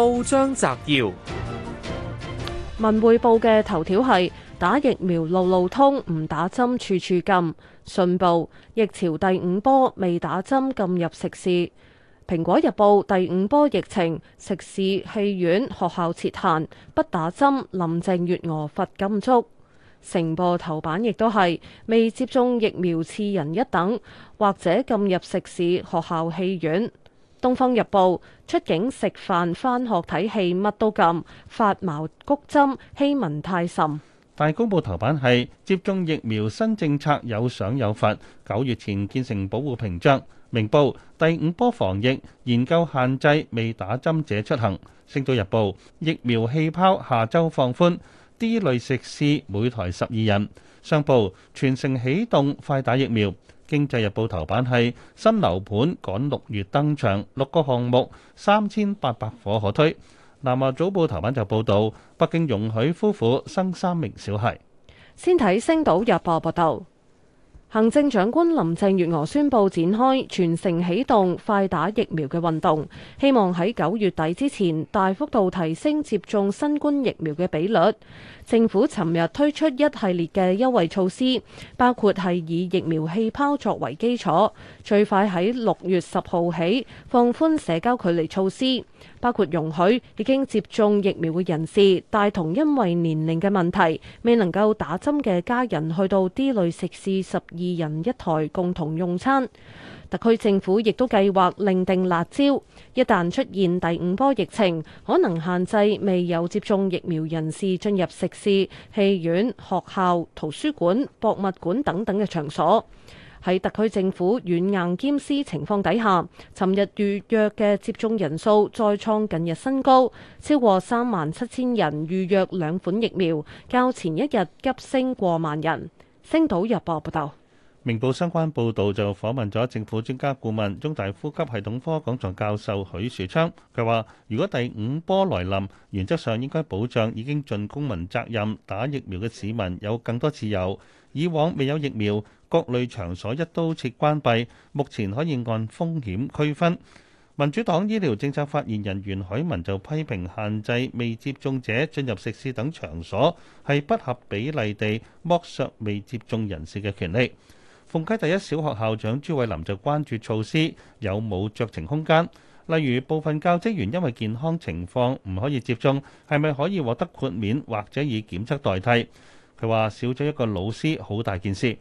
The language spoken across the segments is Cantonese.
報章摘要：文匯報嘅頭條係打疫苗路路通，唔打針處處禁。信報：疫潮第五波未打針禁入食肆；蘋果日報：第五波疫情，食肆、戲院、學校設限，不打針，林鄭月娥罰禁足。成報頭版亦都係未接種疫苗，次人一等，或者禁入食肆、學校、戲院。《東方日報》出境食飯、返學睇戲，乜都禁；發毛谷針，欺民太甚。《大公報》頭版係接種疫苗新政策，有賞有罰。九月前建成保護屏障。《明報》第五波防疫研究限制未打針者出行。《星島日報》疫苗氣泡下週放寬，D 類食肆每台十二人。《商報》全城起動快打疫苗。《經濟日報》頭版係新樓盤趕六月登場，六個項目三千八百伙可推。《南華早報》頭版就報導北京容許夫婦生三名小孩。先睇《星島日報》報道。行政長官林鄭月娥宣佈展開全城起動快打疫苗嘅運動，希望喺九月底之前大幅度提升接種新冠疫苗嘅比率。政府尋日推出一系列嘅優惠措施，包括係以疫苗氣泡作為基礎，最快喺六月十號起放寬社交距離措施。包括容許已經接種疫苗嘅人士，帶同因為年齡嘅問題未能夠打針嘅家人去到 D 類食肆十二人一枱共同用餐。特區政府亦都計劃另訂辣招，一旦出現第五波疫情，可能限制未有接種疫苗人士進入食肆、戲院、學校、圖書館、博物館等等嘅場所。喺特區政府軟硬兼施情況底下，尋日預約嘅接種人數再創近日新高，超過三萬七千人預約兩款疫苗，較前一日急升過萬人。星島日報報導，明報相關報導就訪問咗政府專家顧問、中大呼吸系統科講座教授許樹昌，佢話：如果第五波來臨，原則上應該保障已經盡公民責任打疫苗嘅市民有更多自由。以往未有疫苗。各類場所一刀切關閉，目前可以按風險區分。民主黨醫療政策發言人袁海文就批評限制未接種者進入食肆等場所係不合比例地剝削未接種人士嘅權利。鳳溪第一小學校長朱偉林就關注措施有冇酌情空間，例如部分教職員因為健康情況唔可以接種，係咪可以獲得豁免或者以檢測代替？佢話少咗一個老師好大件事。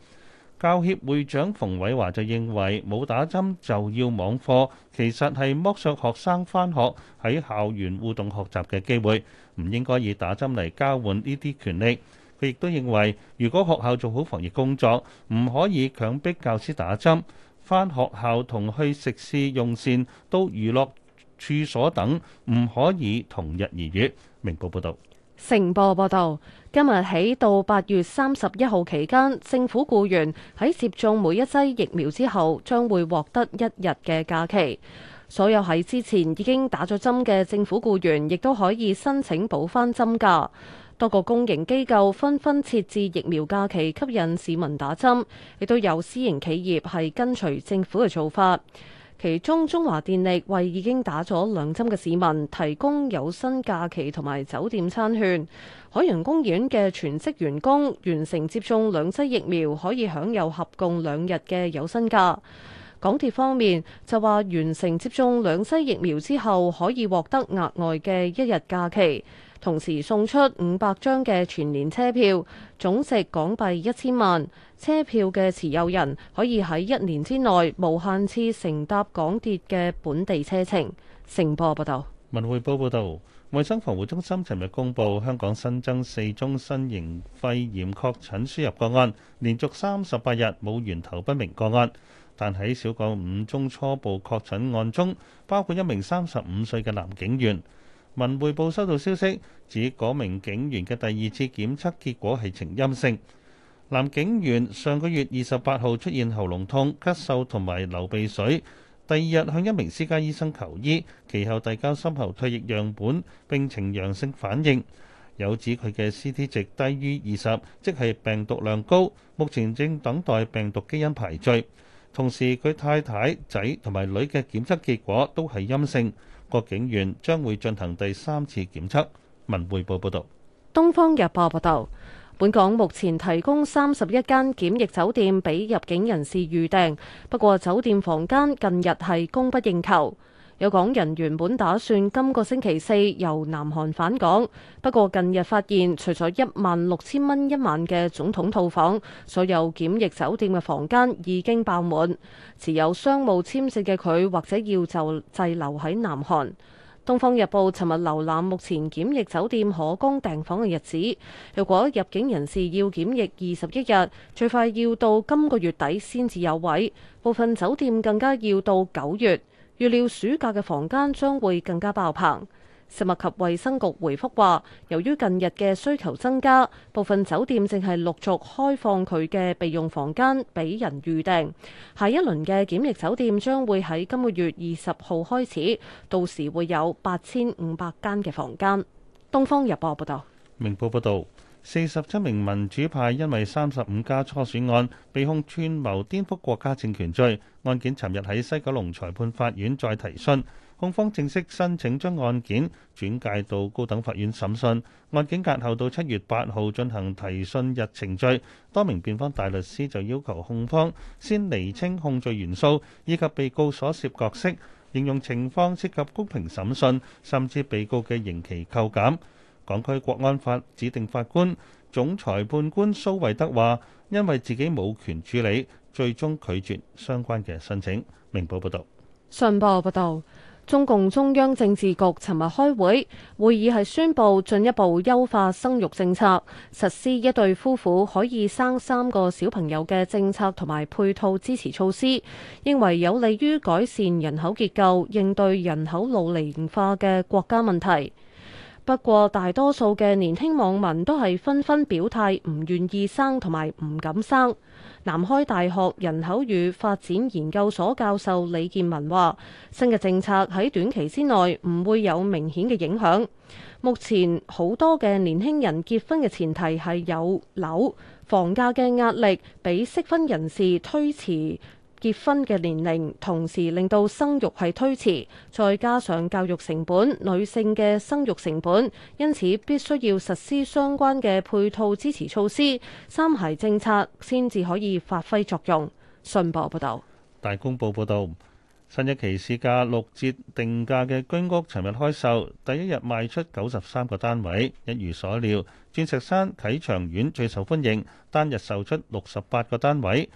教協會長馮偉華就認為，冇打針就要網課，其實係剝削學生返學喺校園互動學習嘅機會，唔應該以打針嚟交換呢啲權利。佢亦都認為，如果學校做好防疫工作，唔可以強迫教師打針。返學校同去食肆、用膳、到娛樂處所等，唔可以同日而語。明報報道。成報報道，今日起到八月三十一號期間，政府僱員喺接種每一劑疫苗之後，將會獲得一日嘅假期。所有喺之前已經打咗針嘅政府僱員，亦都可以申請補翻針噶。多個公營機構紛紛設置疫苗假期，吸引市民打針，亦都有私營企業係跟隨政府嘅做法。其中，中華電力為已經打咗兩針嘅市民提供有薪假期同埋酒店餐券；海洋公園嘅全職員工完成接種兩劑疫苗可以享有合共兩日嘅有薪假。港鐵方面就話，完成接種兩劑疫苗之後，可以獲得額外嘅一日假期，同時送出五百張嘅全年車票，總值港幣一千萬。車票嘅持有人可以喺一年之內無限次乘搭港鐵嘅本地車程。成報報道，文匯報報道，衞生防護中心尋日公佈香港新增四宗新型肺炎確診輸入個案，連續三十八日冇源頭不明個案。但喺小港五宗初步確診案中，包括一名三十五歲嘅男警員。文匯報收到消息指，嗰名警員嘅第二次檢測結果係呈陰性。男警員上個月二十八號出現喉嚨痛、咳嗽同埋流鼻水，第二日向一名私家醫生求醫，其後提交深喉唾液樣本，並呈陽性反應，有指佢嘅 CT 值低於二十，即係病毒量高，目前正等待病毒基因排序。同時，佢太太、仔同埋女嘅檢測結果都係陰性，各警員將會進行第三次檢測。文匯報報導，《東方日報》報導。本港目前提供三十一間檢疫酒店俾入境人士預訂，不過酒店房間近日係供不應求。有港人原本打算今個星期四由南韓返港，不過近日發現除 16,，除咗一萬六千蚊一晚嘅總統套房，所有檢疫酒店嘅房間已經爆滿。持有商務簽證嘅佢，或者要就滯留喺南韓。《東方日報》尋日瀏覽目前檢疫酒店可供訂房嘅日子，若果入境人士要檢疫二十一日，最快要到今個月底先至有位，部分酒店更加要到九月，預料暑假嘅房間將會更加爆棚。食物及衛生局回覆話，由於近日嘅需求增加，部分酒店正係陸續開放佢嘅備用房間俾人預定。下一輪嘅檢疫酒店將會喺今個月二十號開始，到時會有八千五百間嘅房間。《東方日報》報道，《明報》報道，四十七名民主派因為三十五家初選案被控串謀顛覆國家政權罪，案件尋日喺西九龍裁判法院再提訊。控方正式申請將案件轉介到高等法院審訊，案件押後到七月八號進行提訊日程序。多名辯方大律師就要求控方先釐清控罪元素以及被告所涉角色，形容情況涉及公平審訊，甚至被告嘅刑期扣減。港區國安法指定法官總裁判官蘇惠德話，因為自己冇權處理，最終拒絕相關嘅申請。明報報導，信報報導。中共中央政治局尋日開會，會議係宣布進一步優化生育政策，實施一對夫婦可以生三個小朋友嘅政策同埋配套支持措施，認為有利於改善人口結構，應對人口老齡化嘅國家問題。不過，大多數嘅年輕網民都係紛紛表態唔願意生同埋唔敢生。南開大學人口與發展研究所教授李建文話，新嘅政策喺短期之內唔會有明顯嘅影響。目前好多嘅年輕人結婚嘅前提係有樓，房價嘅壓力俾適婚人士推遲結婚嘅年齡，同時令到生育係推遲，再加上教育成本、女性嘅生育成本，因此必須要實施相關嘅配套支持措施，三孩政策先至可以發揮作用。信報報道。大公報報道，新一期市價六折定價嘅居屋，尋日開售，第一日賣出九十三個單位，一如所料，鑽石山啟祥苑最受歡迎，單日售出六十八個單位。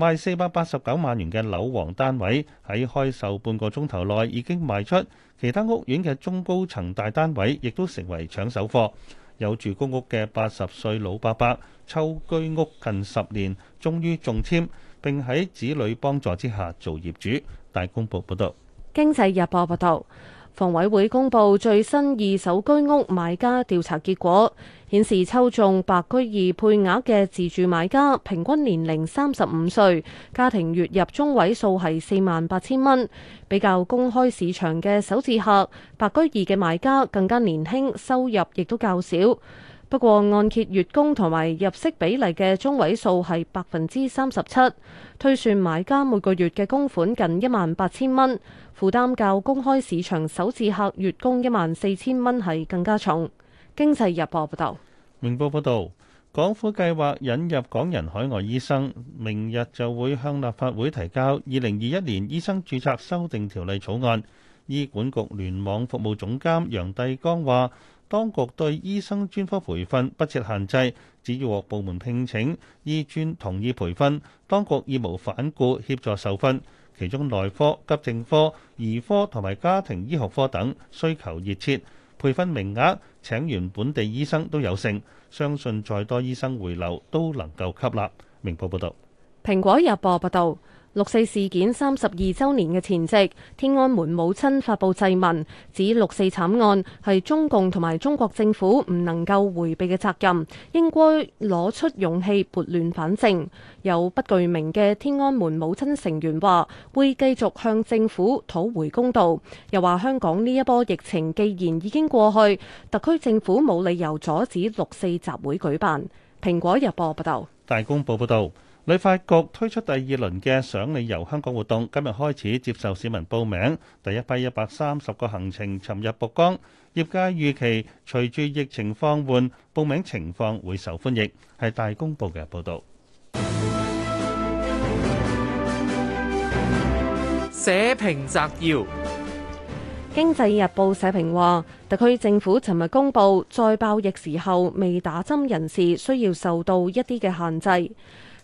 賣四百八十九萬元嘅樓王單位喺開售半個鐘頭內已經賣出，其他屋苑嘅中高層大單位亦都成為搶手貨。有住公屋嘅八十歲老伯伯，抽居屋近十年終於中簽，並喺子女幫助之下做業主。大公報報道，《經濟日報》報道，房委會公布最新二手居屋買家調查結果。顯示抽中白居二配額嘅自住買家平均年齡三十五歲，家庭月入中位數係四萬八千蚊。比較公開市場嘅首置客，白居二嘅買家更加年輕，收入亦都較少。不過按揭月供同埋入息比例嘅中位數係百分之三十七，推算買家每個月嘅供款近一萬八千蚊，負擔較公開市場首置客月供一萬四千蚊係更加重。經濟日報報道，明報報道，港府計劃引入港人海外醫生，明日就會向立法會提交二零二一年醫生註冊修訂條例草案。醫管局聯網服務總監楊帝剛話，當局對醫生專科培訓不設限制，只要獲部門聘請，醫專同意培訓，當局義無反顧協助受訓。其中，內科、急症科、兒科同埋家庭醫學科等需求熱切，培訓名額。請完本地醫生都有剩，相信再多醫生回流都能夠吸納。明報報道。蘋果日報報道。六四事件三十二周年嘅前夕，天安門母親發布祭文，指六四慘案係中共同埋中國政府唔能夠回避嘅責任，應該攞出勇氣撥亂反正。有不具名嘅天安門母親成員話，會繼續向政府討回公道。又話香港呢一波疫情既然已經過去，特區政府冇理由阻止六四集會舉辦。蘋果日報報道。大公報報道。旅發局推出第二輪嘅賞你遊香港活動，今日開始接受市民報名，第一批一百三十個行程尋日曝光。業界預期隨住疫情放緩，報名情況會受歡迎。係大公報嘅報道。社評摘要：經濟日報社評話，特區政府尋日公布，在爆疫時候未打針人士需要受到一啲嘅限制。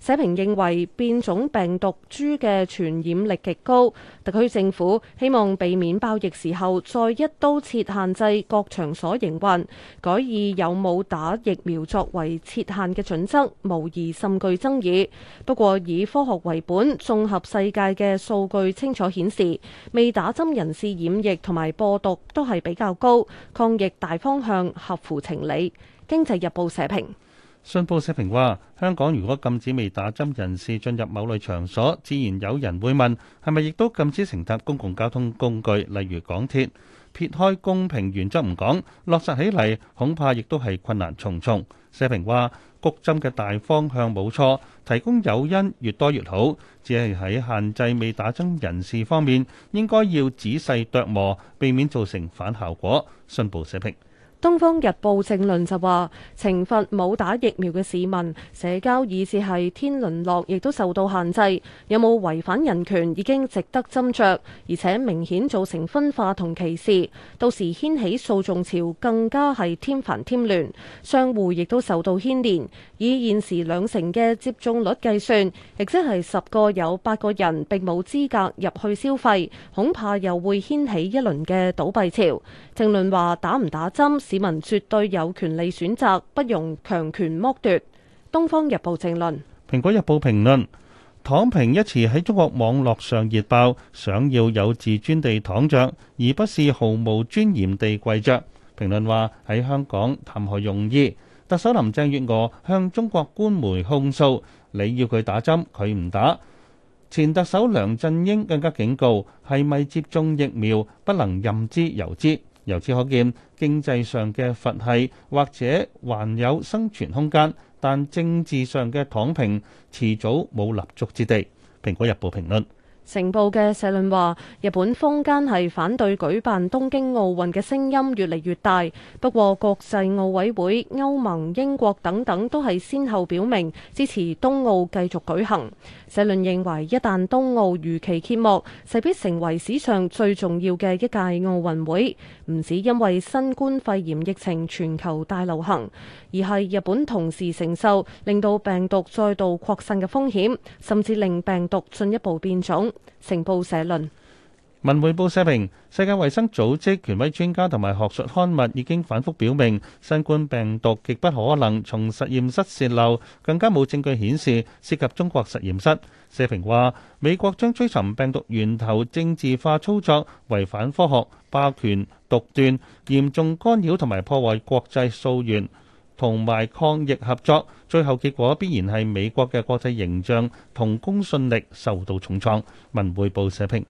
社評認為變種病毒株嘅傳染力極高，特區政府希望避免爆疫時候再一刀切限制各場所營運，改以有冇打疫苗作為切限嘅準則，無疑甚具爭議。不過以科學為本，綜合世界嘅數據清楚顯示，未打針人士染疫同埋播毒都係比較高，抗疫大方向合乎情理。經濟日報社評。信報社評話：香港如果禁止未打針人士進入某類場所，自然有人會問，係咪亦都禁止乘搭公共交通工具，例如港鐵？撇開公平原則唔講，落實起嚟恐怕亦都係困難重重。社評話：谷針嘅大方向冇錯，提供誘因越多越好，只係喺限制未打針人士方面，應該要仔細琢磨，避免造成反效果。信報社評。《東方日報正論》評論就話：懲罰冇打疫苗嘅市民，社交以至係天倫樂，亦都受到限制。有冇違反人權已經值得斟酌，而且明顯造成分化同歧視。到時掀起訴訟潮，更加係添煩添亂。商戶亦都受到牽連。以現時兩成嘅接種率計算，亦即係十個有八個人並冇資格入去消費，恐怕又會掀起一輪嘅倒閉潮。正論話：打唔打針？市民絕對有權利選擇，不容強權剝奪。《東方日報》正論。《蘋果日報》評論，躺平一詞喺中國網絡上熱爆，想要有自尊地躺着，而不是毫無尊嚴地跪着。評論話喺香港，談何容易？特首林鄭月娥向中國官媒控訴：你要佢打針，佢唔打。前特首梁振英更加警告：係咪接種疫苗，不能任之由之？由此可見，經濟上嘅佛系或者還有生存空間，但政治上嘅躺平遲早冇立足之地。《蘋果日報》評論。成報嘅社論話，日本坊間係反對舉辦東京奧運嘅聲音越嚟越大，不過國際奧委會、歐盟、英國等等都係先後表明支持東奧繼續舉行。社論認為，一旦東奧如期揭幕，勢必成為史上最重要嘅一屆奧運會，唔止因為新冠肺炎疫情全球大流行。而係日本同時承受令到病毒再度擴散嘅風險，甚至令病毒進一步變種。成報社論。文匯報社評，世界衛生組織權威專家同埋學術刊物已經反覆表明，新冠病毒極不可能從實驗室洩漏，更加冇證據顯示涉及中國實驗室。社評話，美國將追尋病毒源頭政治化操作，違反科學霸權、獨斷，嚴重干擾同埋破壞國際溯源。同埋抗疫合作，最後結果必然係美國嘅國際形象同公信力受到重創。文匯報社評。